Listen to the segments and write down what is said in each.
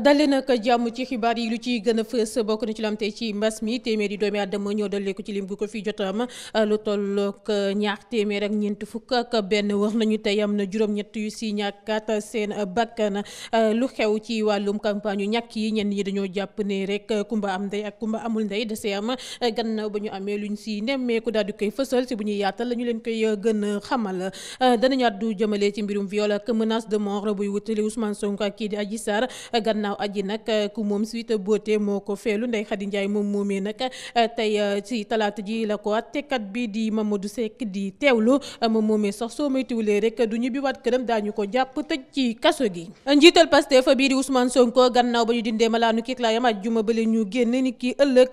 dalee nag jàmm ci xibaar yi lu ciy gën a fës bokk na ci lu am tey ci mbas mi téeméeri doomi àddama ñoo dalee ko ci lim gu ko fi jot am lu tollook ñaar téeméer ak ñeent fukk ak benn wax nañu tey am na juróom-ñett yu si ñàkkat seen bakkan lu xew ci wàllum campagne yu ñàkk yi ñenn ñi dañoo jàpp ne rek kumba am ndey ak kumba amul ndey desee am gannaaw ba ñu amee luñ si nemmeeku daal di koy fësal si bu ñuy yaatal la ñu leen koy gën a xamal danañu àddu jëmale ci mbirum viol ak menace de mort buy wutali kii di gannaaw aji nag eh, ku moom suite beauté moo ko feelu Ndeye Khady Ndiaye moom moomee nag eh, tey eh, ci talaata ji la ko attekat bi di Mamadou Seck di teewlu moom moomee sax soo rek du ñu bi waat këram daañu ko jàpp tëj ci kaso gi. njiital Pastef bii di Ousmane Sonko gannaaw ba ñu dindee malaanu kii laayam ajjuma bële ñu génn ni ki ëllëg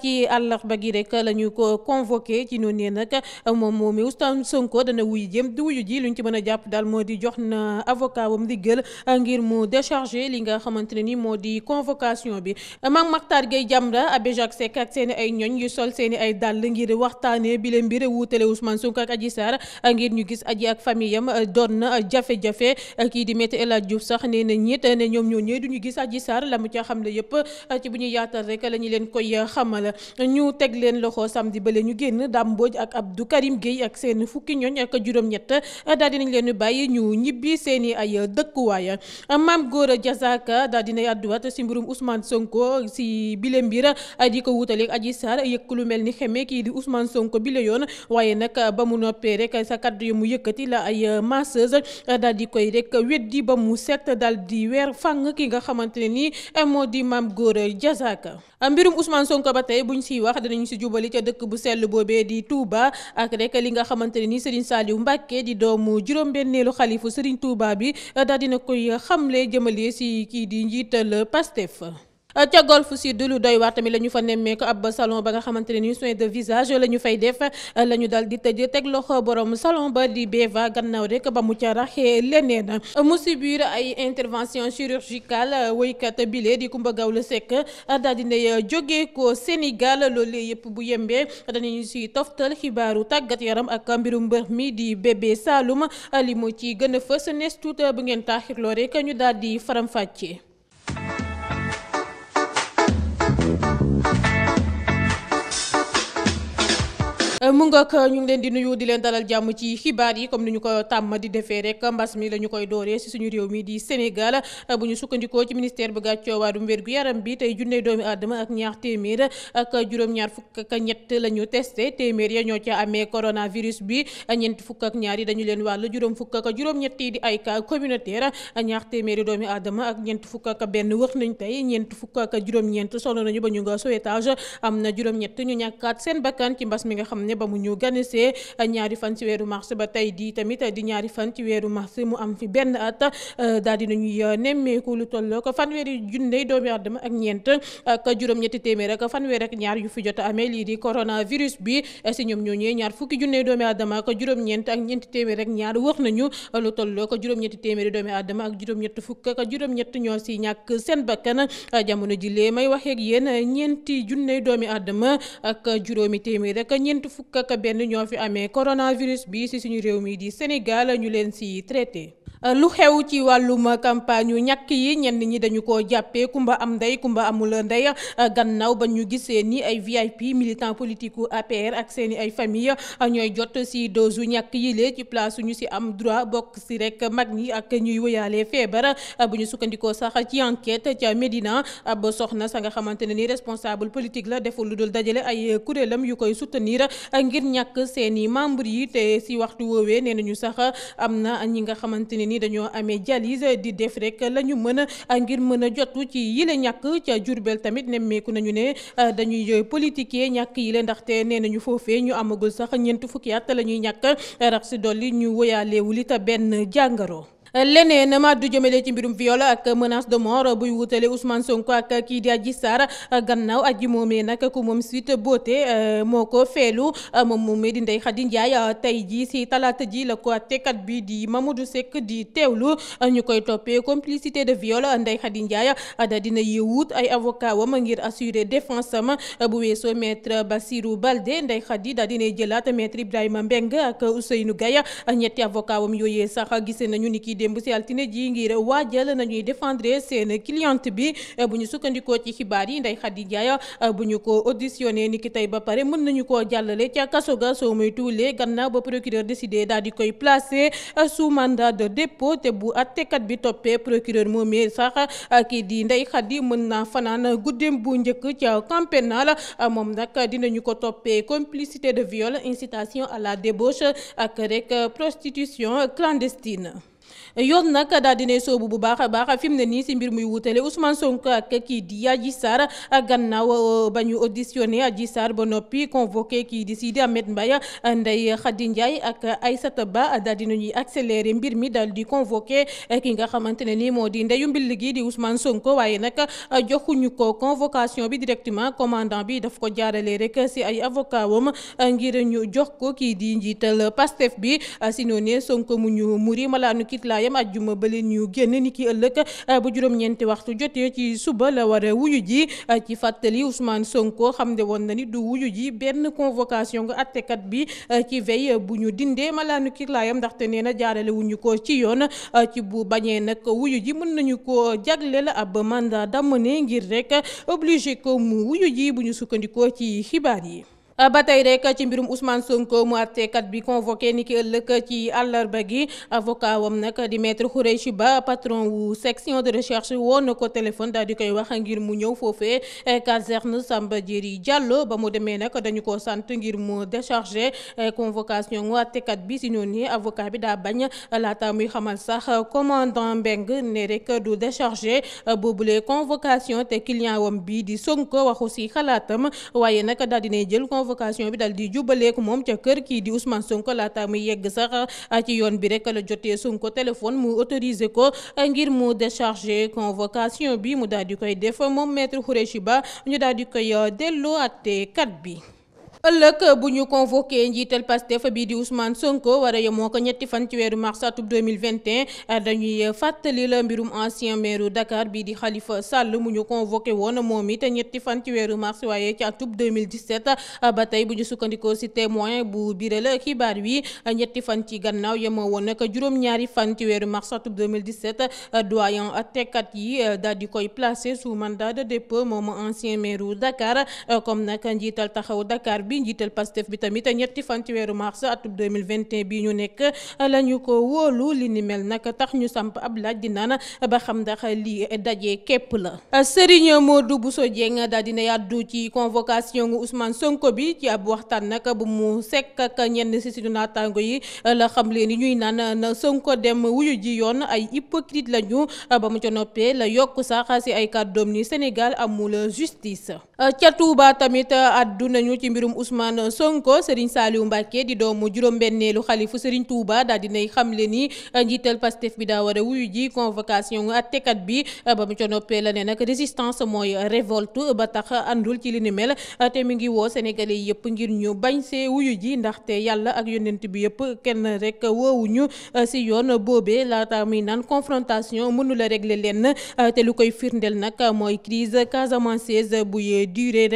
ci àllarba gi rek la ñu ko convoqué ci noonu ne nag moom moomee Ousmane Sonko dana wuyu jëm du wuyu ji luñ ci mën a jàpp daal moo di jox na avocat wam diggal ngir mu décharger li nga xamante xamante ne ni moo di convocation bi Mame Mactar Gueye Jamra Abbé Jacques Seck ak seen ay ñoñ yu sol seen i ay dàll ngir waxtaane bi leen mbir wuutale Ousmane Sonko ak Adji Sarr ngir ñu gis Adji ak famille am doon na jafe-jafe kii di Maître El Hadji Diouf sax nee na ñit ne ñoom ñoo ñëwee du ñu gis Adji Sarr la mu ca xam la yëpp ci bu ñu yaatal rek la ñu leen koy xamal ñu teg leen loxo samedi balee ñu génn Dame Mbodj ak Abdou Karim Gueye ak seen fukki ñoñ ak juróom-ñett daal dinañ leen bàyyi ñu ñibbi seen i ay dëkkuwaay Mame Gora Diazaka Sylla daal dinay àdduwaat si mbirum Ousmane Sonko si bile mbir di ko wutaleeg Adji Sarr yëkk lu mel ni xeme kii di Ousmane Sonko bile waaye nag ba mu noppee rek sa kaddu yi mu yëkkati la ay masseuse daal di koy rek weddi ba mu set daal di weer fang ki nga xamante ne nii moo di Mame Gor Diazaka mbirum Ousmane Sonko ba tey buñ siy wax danañ si jubali ca dëkk bu sell boobee di Touba ak rek li nga xamante ne nii Serigne Saliou Mbacké di doomu juróom-benneelu xalifu Serigne Touba bi daal dina koy xamle jëmale si kii di njiital Pastef Euh, ca golfe sud lu doy waar tamit la ñu fa nemmeeku ab salon ba nga xamante ne ni soin de visage la ñu fay def euh, la ñu dal di tëj teg loxo borom salon ba di Beva gannaaw rek ba mu ca raxee leneen mu subir ay intervention chirurgicale euh, woykat bile di Kumba la Seck daal di ne jóge ko Sénégal loolu yëpp bu yembee danañu si toftal xibaaru tàggat yaram ak mbirum mbër mi di bébé Saloum li mu ci gën a fës nees tuut bu ngeen taaxirloo rek ñu daal di faram Euh, mu ngoog euh, ñu ngi leen di nuyu di leen dalal jàmm ci xibaar yi comme ni ñu ko tàmm di defee rek mbas mi la ñu koy dooree si suñu réew mi di Sénégal euh, bu ñu sukkandikoo ci ministère bu gàccoo wàllum wér gu yaram bi tey junne doomi aadama ak ñaar téeméer ak juróom-ñaar fukk ak la ñu testé téeméer ya ñoo ca amee coronavirus bi ñeent fukk ak ñaar dañu leen wàll juróom fukk ak juróom-ñett yi di ay cas communautaire ñaar téeméeri doomi adama ak ñeent fukk ak benn wër nañ tey ñeent fukk ak juróom-ñeent sonn nañu ba ñu nga sauvetage am na juróom-ñett ñu ñàkkaat seen bakkan ci mbas mi nga xam ne ba mu ñu ganisee ñaari fan ci weeru mars ba tey di tamit di ñaari fan ci weeru mars mu am fi benn at euh, daal di nañuy euh, nemmeeku lu tolloo ko fanweeri junni doomi aadama ak ñeent ak juróom-ñetti téeméer ak fanweer ak ñaar yu fi jot amee lii di coronavirus bi si ñoom ñooñee ñaar fukki junni doomi aadama ak juróom-ñeent ak ñeenti téeméer ak ñaar wax nañu lu tolloo ko juróom-ñetti téeméeri doomi aadama ak juróom-ñett fukk ak juróom-ñett ñoo si ñàkk seen bakkan jamono ji lee may waxeeg yéen ñeenti junni doomi aadama ak juróomi téeméer ak ñeent fukk benn ñoo fi amee coronavirus bi ci suñu réew mi di Sénégal ñu leen ci traité. Euh, lu xew ci wàllum wu ñàkk yi ñenn ñi dañu ko jàppee kumba am ndey kumba amul ndey euh, gannaaw ba ñu gisee ni ay VIP militant politique u APR ak seen i ay famille euh, ñooy jot si dose u ñàkk yi lee ci place ñu si am droit bokk si rek mag ñi ak ñuy wëyaale feebar bu ñu sukkandikoo sax ci enquête ca Médina ba soxna sa nga xamante ne ni responsable politique la deful lu dul dajale ay kuréelam yu koy soutenir ngir ñàkk seen i membres yi te si waxtu woowe nee nañu sax ñi xamante ne dañoo amee dialyse di def rekk la ñu mën a ngir mën a jotu ci yile ñàkk ca Jurbel tamit nemmeeku nañu ne euh, dañuy euh, politiquer ñàkk yile ndaxte nee nañu foofee ñu amagul sax ñeent fukki at la ñuy ñàkk rax si dolli ñu woyaaleewul it benn jàngoro. leneen ma du jëmale ci mbirum viol ak menace de mort buy wutale Ousmane Sonko ak kii di Adji Sarr gannaaw aji moomee nag ku moom Sweet Beauté euh, moo ko feelu euh, moom moomee di Ndeye Khady Ndiaye euh, tey jii si talaata ji la ko àttekat bi di Mamadou Seck di teewlu ñu koy toppee complicité de viol Ndeye Khady Ndiaye da dina yewut ay avocat a ngir assurer défense am bu weesoo maître Bassirou Balde Ndeye Khady da dina jëlaat maître Ibrahima Mbeng ak Ousseynou Gaye ñetti avocat wam yooyee sax gise nañu ni démb si altine ji ngir waajal nañuy défendre seen cliente bi eh, bu ñu sukkandikoo ci xibaar yi Ndeye Khady Ndiaye eh, bu ñu ko auditionné ni ki tey ba pare mën nañu koo jàllale ca kaso ga soo muy tuulee gannaaw ba procureur décidé daal di koy placé eh, sous mandat de dépôt te bu attekat bi toppee procureur moomee sax kii di Ndeye Khady mën naa fanaan guddeem bu njëkk ca camp la moom nag dinañu ko toppee complicité de viol incitation à la débauche ak rek prostitution clandestine yoon nag dal dinay soobu bu baax a baax fi mu ne nii si mbir muy wutale Ousmane sonk ak kii di Adji Sarr gannaaw euh, ba ñu auditionné Adji Sarr ba noppi convoqué kii di Sidi Ahmed Mbaye Ndeye Khady Ndiaye ak ay Aïssata Ba dina ñuy accéléré mbir mi daal di convoqué kii nga xamante ne nii moo di ndeyu mbill gi di Ousmane Sonko waaye nag euh, joxuñu ko convocation bi directement commandant bi daf ko jaarale rek si ay avocat wam euh, ngir ñu jox ko kii di njiital Pastef bi si noonu Sonko mu laytaayam ajjuma ba leen ñu génn ni ki ëllëg eh, bu juróom-ñeenti waxtu jotee ci suba la war a wuyu ji eh, ci fàttali Ousmane Sonko xam ne woon na ni du wuyu ji benn convocation nga attekat bi eh, ci veille bu ñu dindee malaanu kirlaayam ndaxte nee na jaarale ko ci yoon ci bu bañee nag wuyu ji mën nañu ko jagle la ab mandat d'amener ngir rek obligé ko mu wuyu ji bu ñu sukkandikoo ci xibaar yi Euh, ba tey rek ci mbirum Ousmane Sonko mu àtteekat bi convoqué ni ki ëllëg ci àllarba gi avocat wam nag di maître Khoureyssi Ba patron wu section de recherche woo na ko téléphone daal di koy wax ngir mu ñëw foofee eh, caserne Samba yi Diallo ba mu demee nag dañu ko sant ngir mu décharger eh, convocation mu àtteekat bi si noonu avocat bi daa bañ laata muy xamal sax commandant Mbengue ne rek du décharger eh, boobule convocation te client wam bii di Sonko waxu si xalaatam convocation bi dal di jubaleeku moom ca kër kii di Ousmane Sonko laata muy yegg sax ah, ci yoon bi rek la jotee Sonko téléphone mu autorisé ko ah, ngir mu décharger convocation bi mu daal di koy def moom maître Khoureyssi Ba ñu daal di koy ah, delloo àttekat bi. ëllëg bu ñu convoqué njiital Pastef bii di Ousmane Sonko war a yemoo ko ñetti fan ci weeru mars atum 2021 dañuy fàttali la mbirum ancien maire Dakar bii di xalifa Sall mu ñu convoqué woon moom it ñetti fan ci weeru mars waaye ci atum 2017 ba tey bu ñu sukkandikoo ci témoin bu biral xibaar wi ñetti fan ci gannaaw yemoo woon nag juróom-ñaari fan ci weeru mars atum 2017 doyen àttekat yi daal di koy placé sous mandat de dépôt moom ancien maire Dakar comme nag njiital taxaw Dakar bi bi njiital pastef bi tamit ñetti fan ci weeru mars atum 2021 bi ñu nekk la ko wóolu li ni mel nag tax ñu samp ab laaj di naan ba xam ndax lii daje képp la moo Serigne Modou Bousso Dieng daal dina yàddu ci convocation gu Ousmane Sonko bi ci ab waxtaan nag bu mu sekk ak ñenn si suñu naataango yi la xam leen ni ñuy naan na Sonko dem wuyu ji yoon ay hypocrite lañu ba mu ca noppee la yokk sax si ay kàddoom ni Sénégal amul justice ca Touba tamit àddu nañu ci mbirum Ousmane Sonko Serigne Saliou Mbacké di doomu juróom-benneelu xalifu Serigne Touba daal dinay xamle ni njiital Pastef bi daa war a wuyu ji convocation attekat bi ba mu ca la ne nag résistance mooy révolte ba tax àndul ci li mel te mi ngi woo sénégalais yëpp ngir ñu bañ see wuyu ji ndaxte yàlla ak yonent bi yëpp kenn rek woowuñu si yoon boobee laata muy naan confrontation mënu la régler lenn te lu koy firndeel nag mooy crise casamançaise buy duré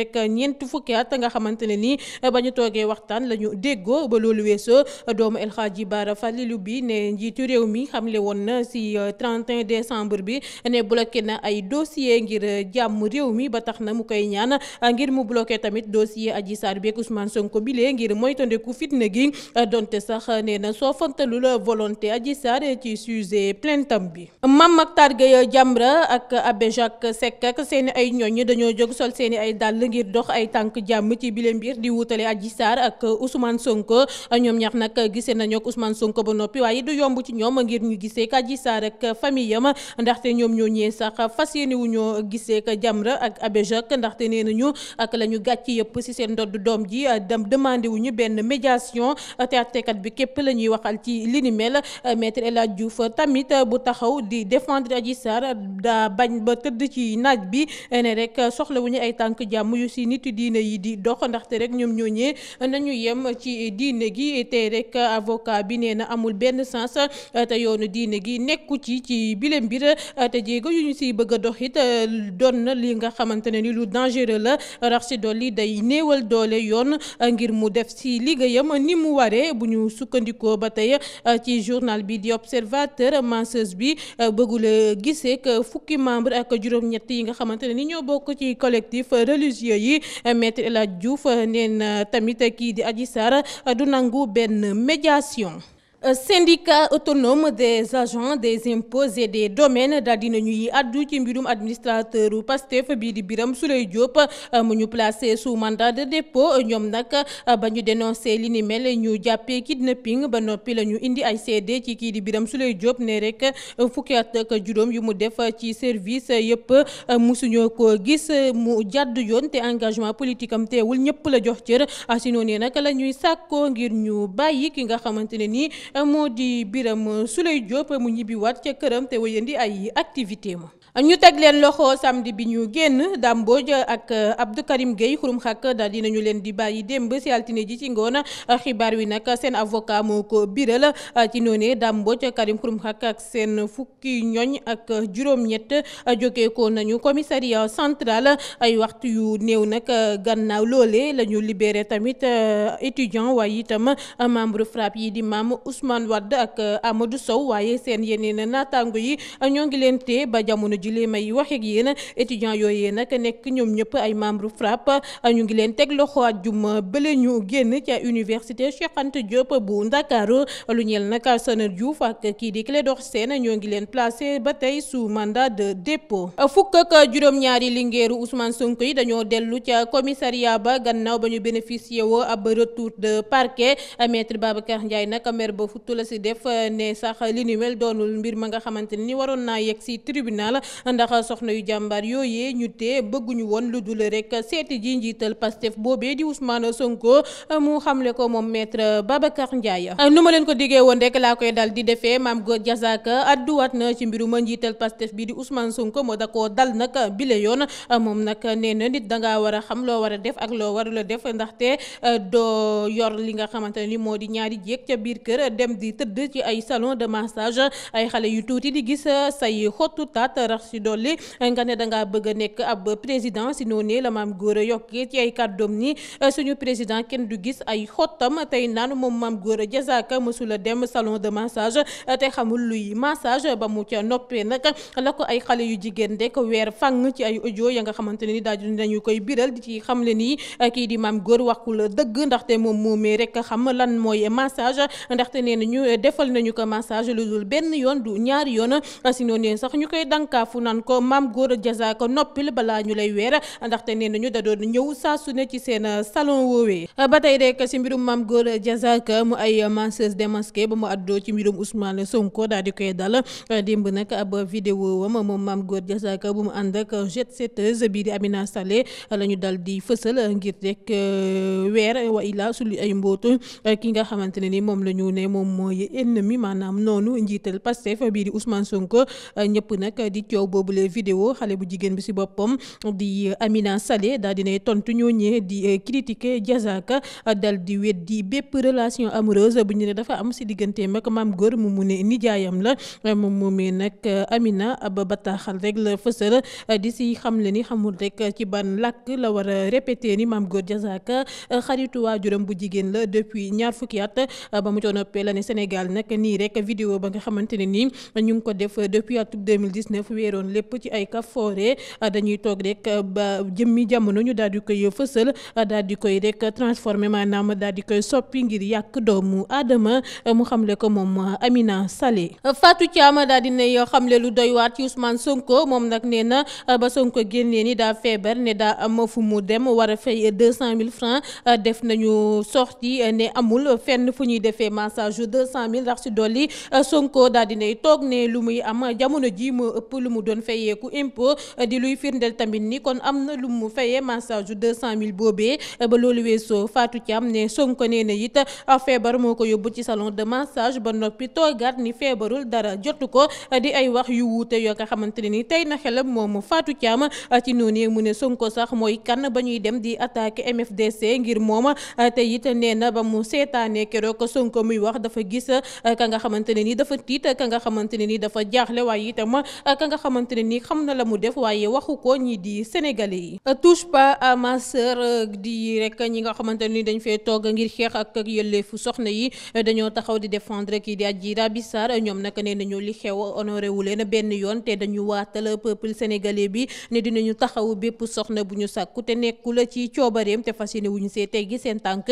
ni ba ñu toogee waxtaan la ñu déggoo ba loolu weesoo doomu El Hadji Bara Falilu bi ne njiitu réew mi xam xamle woon na si 31 euh, décembre bi ne bloqué na ay dossier ngir euh, jàmm réew mi ba tax na mu koy ñaan euh, ngir mu bloqué tamit dossier Adji Sarr beeg Ousmane Sonko bi lee ngir moytandiku fitna gi donte sax nee na soo fantalu la volonté Adji Sarr ci sujet plaintam bi Mame Mactar Gueye Jamra ak Abbé Jacques Seck ak seen ay ñooñ dañoo jóg sol seen ay dàll ngir dox ay di wutale Adji Sarr ak Ousmane Sonko ñoom ñaar nag gisee nañu ak Ousmane Sonko ba noppi waaye du yomb ci ñoom ngir ñu gisee ak Adji Sarr ak famille am ndaxte ñoom ñoo ñëwee sax fas yéene wu ñoo gisee ak Jamra ak Abéjac ndaxte nee nañu ak la ñu gàcc yëpp si seen ndodd doom ji dem demandé wu ñu benn médiation te àttekat bi képp la ñuy waxal ci li ni mel maître El Hadj Diouf tamit bu taxaw di défendre Adji Sarr daa bañ ba tëdd ci naaj bi ne rek soxlawuñu ay tànk jàmm yu si nit diine yi di rek ñoom ñooñee nañu yem ci diine gi tey rek avocat bi nee na amul benn sens te yoonu diine gi nekku ci ci bileem mbir te jéego yu ñu si bëgg a dox it doon na li nga xamante ne ni lu dangereux la rax si dolli day néewal doole yoon ngir mu def si liggéeyam ni mu waree bu ñu sukkandikoo ba tey ci journal bi di observateur masseuse bi bëggula gisee que fukki membre ak juróom-ñett yi nga xamante ne ni ñoo bokk ci collectif religieux yi maître El Hadj Diouf leen tamit kii di Adji Sarr du nangu benn médiation Euh, syndicat autonome des agents des impôts et des domaines daal dina ñuy addu ci mbirum administrateur Pastef bii di Birame Souleye Diop euh, mu ñu placé sous mandat de dépôt ñoom nag euh, ba ñu dénoncé li ni mel ñu jàppee kidnapping ba noppi la ñu indi ay seede ci kii di Birame Souleye Diop ne rek fukki at ak juróom yi mu def ci service yëpp musuñoo ko gis mu jàdd yoon te engagement politique am teewul ñëpp la jox cër si noonu nag la ñuy sàkkoo ngir ñu moo di Birame Souleye Diop mu ñibbiwaat ca këram te wëyandi ay activité ma ñu teg leen loxo samedi bi ñu génn Dame Mbodj ak euh, Abdou Karim Gueye xurum xàq daal dinañu leen di bàyyi démb si altine ji ci ngoon xibaar wi nag seen avocat moo ko biral euh, ci noonee Dame Mbodj Karim xurum xàq ak seen fukki ñoñ ak juróom-ñett euh, jóge ko nañu commissariat central ay waxtu yu néew nag gannaaw loole lañu ñu libéré tamit étudiant waaye itam membre FRAPP yi di maam usmaan Wade ak Amadou Sow waaye seen yeneen naataango yi ñoo ngi leen tee ba jamono julee may wax ak yéen étudiants yooyee nag nekk ñoom ñëpp ay membre FRAPP ñu ngi leen teg loxo àjjuma bële ñu génn ca université Cheikh Anta bu Ndakaaru lu ñeel nag Saner ak kii di Clédor Sène ñoo ngi leen placé ba tey sous mandat de dépôt fukk juróom-ñaari lingeeru Ousmane Sonko yi dañoo dellu ca commissariat ba gannaaw ba ñu bénéficié woo ab retour de parquet maître Babacar Ndiaye nag mer ba futu la si def ne sax li ni mel doonul mbir ma nga xamante ni waroon naa yegg si tribunal ndax soxna yu jàmbaar yooyee ñu tee bëgguñu woon lu dul rek seeti ji njiital Pastef boobee di Ousmane Sonko mu xamle ko moom maître Babacar ya nu ma leen ko diggee woon rek laa koy dal di defee maam góor Diazaka adduwaat na ci mbirum njiital Pastef bi di Ousmane Sonko moo da koo dal nag bile yoon moom nag nee na nit da ngaa war a xam loo war a def ak loo warul a def ndaxte euh, doo yor li nga xamante ne ni moo di ñaari jéeg ca biir kër dem di tëdd ci ay salon de yu tuuti rax si dolli nga ne da ngaa a nekk ab président si noonu la maam góor a yokkee ci ay kàddoom ni suñu président kenn du gis ay xottam tey naan moom maam góor a jasaka mësula dem salon de massage te xamul luy massage ba mu ca noppee nag la ko ay xale yu jigéen de ko weer fang ci ay audio ya nga xamante ne ni daaju nañu koy biral di ci xam le nii kii di maam góor waxul dëgg ndaxte moom moomee rek xam lan mooy massage ndaxte nee ñu defal nañu ko massage lu benn yoon du saafu nan ko maam góor a jaza ko noppil balaa ñu lay weer ndaxte nee nañu da doon ñëw saa su ne ci seen salon woowee ba tey rek si mbirum maam góor a jaza ko mu ay masseuse démasqué ba mu àddoo ci mbirum Ousmane Sonko daal koy dal a jaza ko bu mu ànd ak jet setteuse bii di Amina Sallé di fësal ngir rek euh, weer wa ila suli ay mbootu ki nga xamante ne ni moom la ñu ne moom mooy ennemi maanaam noonu njiital Pastef bii di Ousmane Sonko ñëpp nag di. coow boobule vidéo xale bu jigéen bi si boppam di euh, Amina Saleh daal dinay tontu ñoo ñooñee di euh, critiquer Diazaka euh, dal di weddi bépp relation amoureuse bu ñu ne dafa am si diggante ak maam góor mu mu ne nijaayam la moom moomee nag Amina ba bataaxal rek la fësal di si xamle ni xamul rek ci ban làkk la war répété ni maam góor Diazaka xaritu waajuram bu jigéen la depuis ñaar fukki at ba mu coonoppee la ne Sénégal nag nii rek vidéo ba nga xamante ne nii ñu ngi réeroon lépp ci ay kafoore ah, dañuy toog rek ah, ba jëmmi jamono ñu daal di koy fësal ah, daal di koy rek transformé maanaam ma di koy soppi ngir yàq doomu aadama mu xamle ko moom Amina Salé Fatou Thiam daal di nay xamle lu doy waat ci Ousmane Sonko moom nag nee na ba Sonko génnee ni daa feebar ne daa am fu mu dem war a fay deux cent mille francs def nañu sorti ne amul fenn fu ñuy defee massage deux cent mille ndax si dolli Sonko daal nay toog ne lu muy am jamono mu doon fayeeku impôt euh, di luy firndeel tamit ni kon am na lu mu fayee massage deux cent mille boobee euh, ba loolu weesoo Fatou Thiam ne Sonko nee na it euh, feebar moo ko yóbbu ci salon de ba noppi toogaat ni feebarul dara jotu ko di ay wax yu wuute yoo nga xamante ne ni tey na xelam moom Fatou Thiam ci noonu mu ne Sonko sax mooy kan ba ñuy dem di attaqué MFDC ngir moom te it nee na ba mu seetaanee keroog Sonko muy wax dafa gis ka nga xamante ne ni dafa tiit ka nga xamante dafa jaaxle waaye itam ka nga xamante ne nii xam na la mu def waaye waxu ko ñii di sénégalais yi touche pas à ma di rek ñi nga xamante nii ni dañ fee toog ngir xeex ak ak yëlleefu soxna yi dañoo taxaw di défendre kii di Adji Raby Sarr ñoom nag nee nañu li xew honoré wu leen benn yoon te dañu waatal peuple sénégalais bi ne dinañu taxaw bépp soxna bu ñu sàkku te nekkul ci coobareem te fas yéene wuñu see teggi seen tànk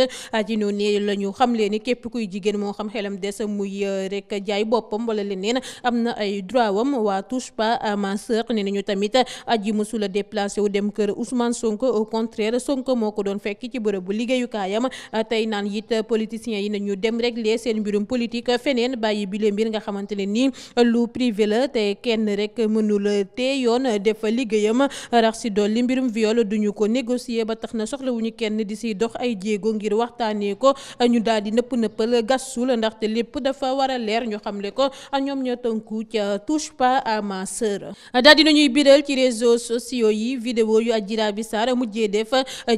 ci noonu ne la ñu xam leen ni képp kuy jigéen moo xam xelam des muy rek jaay boppam wala leneen am na ay droit wam waa touche Mansour ne nañu tamit aji musula déplacé wu dem kër Ousmane Sonko au contraire Sonko moo ko doon fekk ci bërëb bu liggéeyukaayam tey naan it politiciens yi nañu dem régler seen mbirum politique feneen bàyyi bile mbir nga xamante ne nii lu privé la te kenn rek mënul te yoon def liggéeyam rax si dolli mbirum viol duñu ko négocier ba tax na soxlawuñu kenn di si dox ay jéego ngir waxtaanee ko ñu daal di nëpp nëppal gassul ndaxte lépp dafa war a leer ñu heure daal dina ñuy biral ci réseaux sociaux yi vidéo yu Adji Raby Sarr mujjee def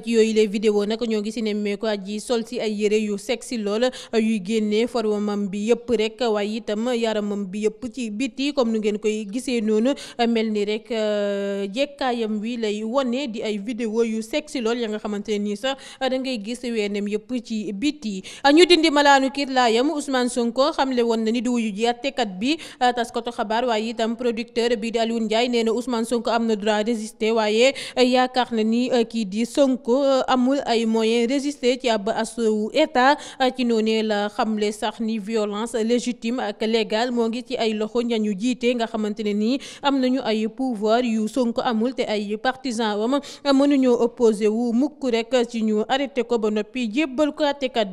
ci yooyu les vidéo nag ñoo ngi si nemmee ko Adji sol si ay yére yu sexy lool yuy génnee formam bi yëpp rek waaye itam yaramam bi yëpp ci biti comme nu ngeen koy gisee noonu mel ni rek euh, jekkaayam wi lay wone di ay vidéo yu sexy lool ya xamante ne nii sax da ngay gis weenem yëpp ci biti ñu dindi malaanu kiir laayam Ousmane Sonko xamle woon na ni di wuyu ji àttekat bi taskatu xabaar waaye itam producteur bi bi di Alioune Ndiaye nee na Ousmane Sonko am na droit résister waaye yaakaar na ni euh, kii di Sonko euh, amul ay moyen résister ci ab assaut état euh, ci noonu la xamle sax ni violence légitime ak légale moo ngi ci ay loxo ñañu jiite nga xamante ne nii am nañu ay pouvoir yu Sonko amul te ay partisan wam mënuñoo opposé wu mukk rek ci ñu arrêté ko ba noppi jébbal ko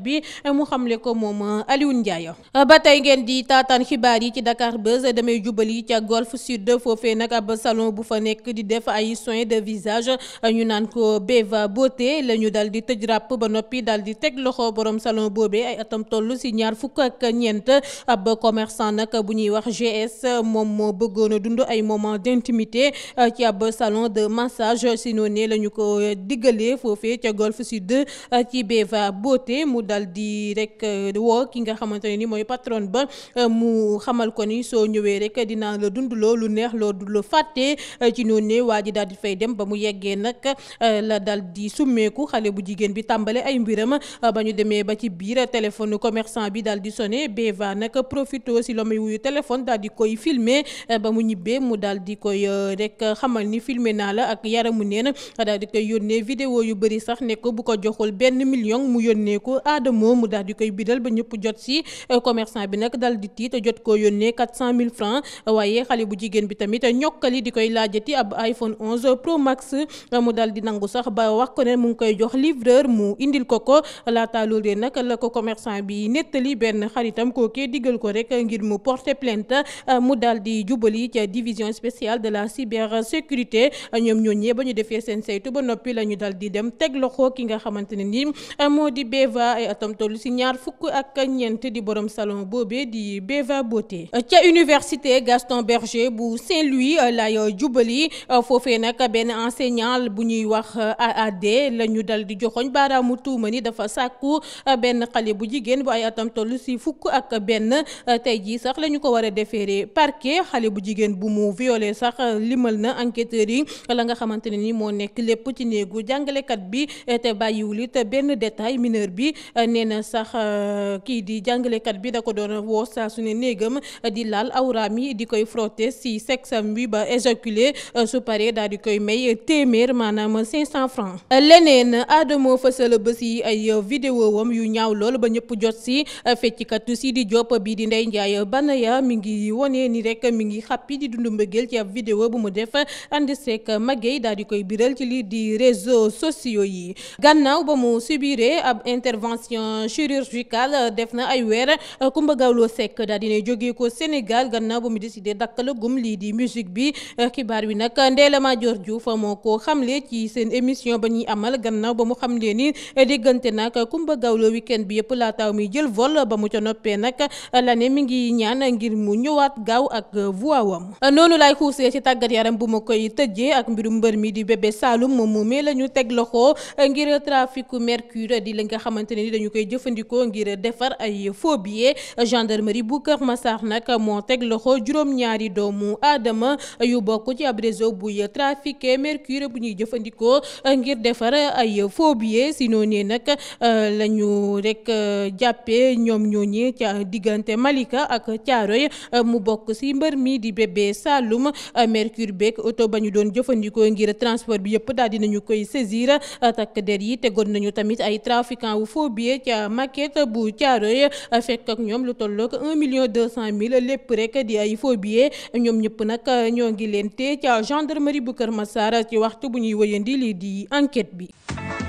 bi mu xamle ko moom Alioune Ndiaye ba tey ngeen di taataan xibaar yi ci Dakar Buzz damay jubali ca Golf Sud Sud foofee nag ab salon bu fa nekk di def ay soins de visage ñu naan ko Beva Beauté la ñu dal di tëj ràpp ba noppi dal di teg loxo borom salon boobe ay atam toll si ñaar fukk ak ñeent ab commercant nag bu ñuy wax GS moom moo bëggoon a dund ay moment d'intimité euh, ci ab salon de massage si noonee la ñu ko diggalee foofee ca Golf Sud euh, ci Beva Beauté mu dal di rek euh, woo ki nga xamante ne ni mooy patron ba mu xamal ko ni soo ñëwee rek dinaa la dund loolu ne téeméer loo du la fàtte euh, ci noonu waa ji daal di fay dem ba mu yeggee nag euh, la dal di summeeku xale bu jigéen bi tàmbale ay mbiram euh, ba ñu demee ba ci biir téléphone commerçant bi daal di sonné Beva nag profito si la muy téléphone daal di koy filmer ba mu ñibbee mu daal di koy rek xamal ni filmer naa la ak yaramu neen daal koy yónnee vidéo yu bëri sax ne ko bu ko joxul benn million mu yónnee ko aadamoo mu daal koy bidal ba ñëpp jot si commerçant bi nag daal di tiit jot koo yónnee 400 000 francs waaye xale bu jigéen bi bi tamit ñokkali di koy laajati ab iPhone 11 Pro Max mu dal di nangu sax ba wax ko ne mu ngi koy jox livreur mu indil ko ko laataa loolee nag la ko commerçant bi nettali benn xaritam kookee diggal ko rek ngir mu porter plainte mu daal di jubali ca division spéciale de la cybersécurité ñoom ñooñee ba ñu defee seen saytu ba noppi la ñu dal di dem teg loxo ki nga xamante ne ni moo di Beva ay atam toll si ñaar fukk ak ñeent di borom salon boobee di Beva Beauté ca Saint-Louis euh, lay euh, jubali euh, foofee nag benn enseignant bu ñuy wax AAD la ñu dal di joxoñ baaraamu tuuma ni dafa sàkku benn xale bu jigéen bu ay atam toll si fukk ak benn tey jii sax lañu ko war a defeere parquet xale bu jigéen bu mu violé sax limal na enquêteurs yi la nga xamante ne ni moo nekk lépp ci néegu jàngalekat bi te bàyyiwul te benn détail mineur bi nee na sax kii di jàngalekat bi da ko doon woo su ne néegam di laal awraam yi di koy frotter si sexam wi ba éjaculé euh, su paree daal di koy may téeméer maanaam 500 francs leneen Adamo fësal bés yi ay vidéo wam yu ñaaw lool ba ñëpp jot si euh, feccikatu Sidi Diop bii di Ndeye Ndiaye Banaya mi ngi wone ni rek mi ngi xàppi di dundu mbëggeel ci ab vidéo bu mu def andi seek Maguette daal di koy biral ci lii di réseaux sociaux yi gannaaw ba mu subiree ab intervention chirurgicale def na ay weer Coumba Gawlo Seck daal di ne jógee ko Sénégal gannaaw ba mu décidé dakkal di musique bi euh, xibaar wi nag Ndella Madior Diouf moo ko xamle ci seen émission ba ñuy amal gannaaw ba mu xamle ni euh, diggante nag Kumba Gawlo weekend bi yëpp laataaw mi jël vol ba mu ca noppee nag euh, la ne mi ngi ñaan ngir mu ñëwaat gaaw ak wam noonu laay xuusee ci tàggat yaram bu ma koy tëjee ak mbirum mbër mi di bébé Saloum moom moomee la ñu teg loxo ngir traficu mercure di la nga xamante ne ni dañu koy jëfandikoo ngir defar ay faux billets bu Kër Massar aadama yu bokk ci ab bu buy trafiqué mercure bu ñuy jëfandikoo ngir defar ay faux billets si noonu nag euh, la ñu rek euh, jàppee ñoom ñooñee ca diggante Malika ak Thiaroye euh, mu bokk si mbër mi di bébé Saloum mercure beeg oto ba ñu doon jëfandikoo ngir transport bi yëpp daal dinañu koy saisir takk der yi tegoon nañu tamit ay trafiquant wu faux billets ca maquette bu Thiaroye fekk ak ñoom lu tolloog 1 million 200 mille lépp rek di ay faux ñoom ñëpp nag euh, ñoo ngi leen tee ca gendarmerie bu Kër Massar ci waxtu bu ñuy wëyandi lii di enquête bi.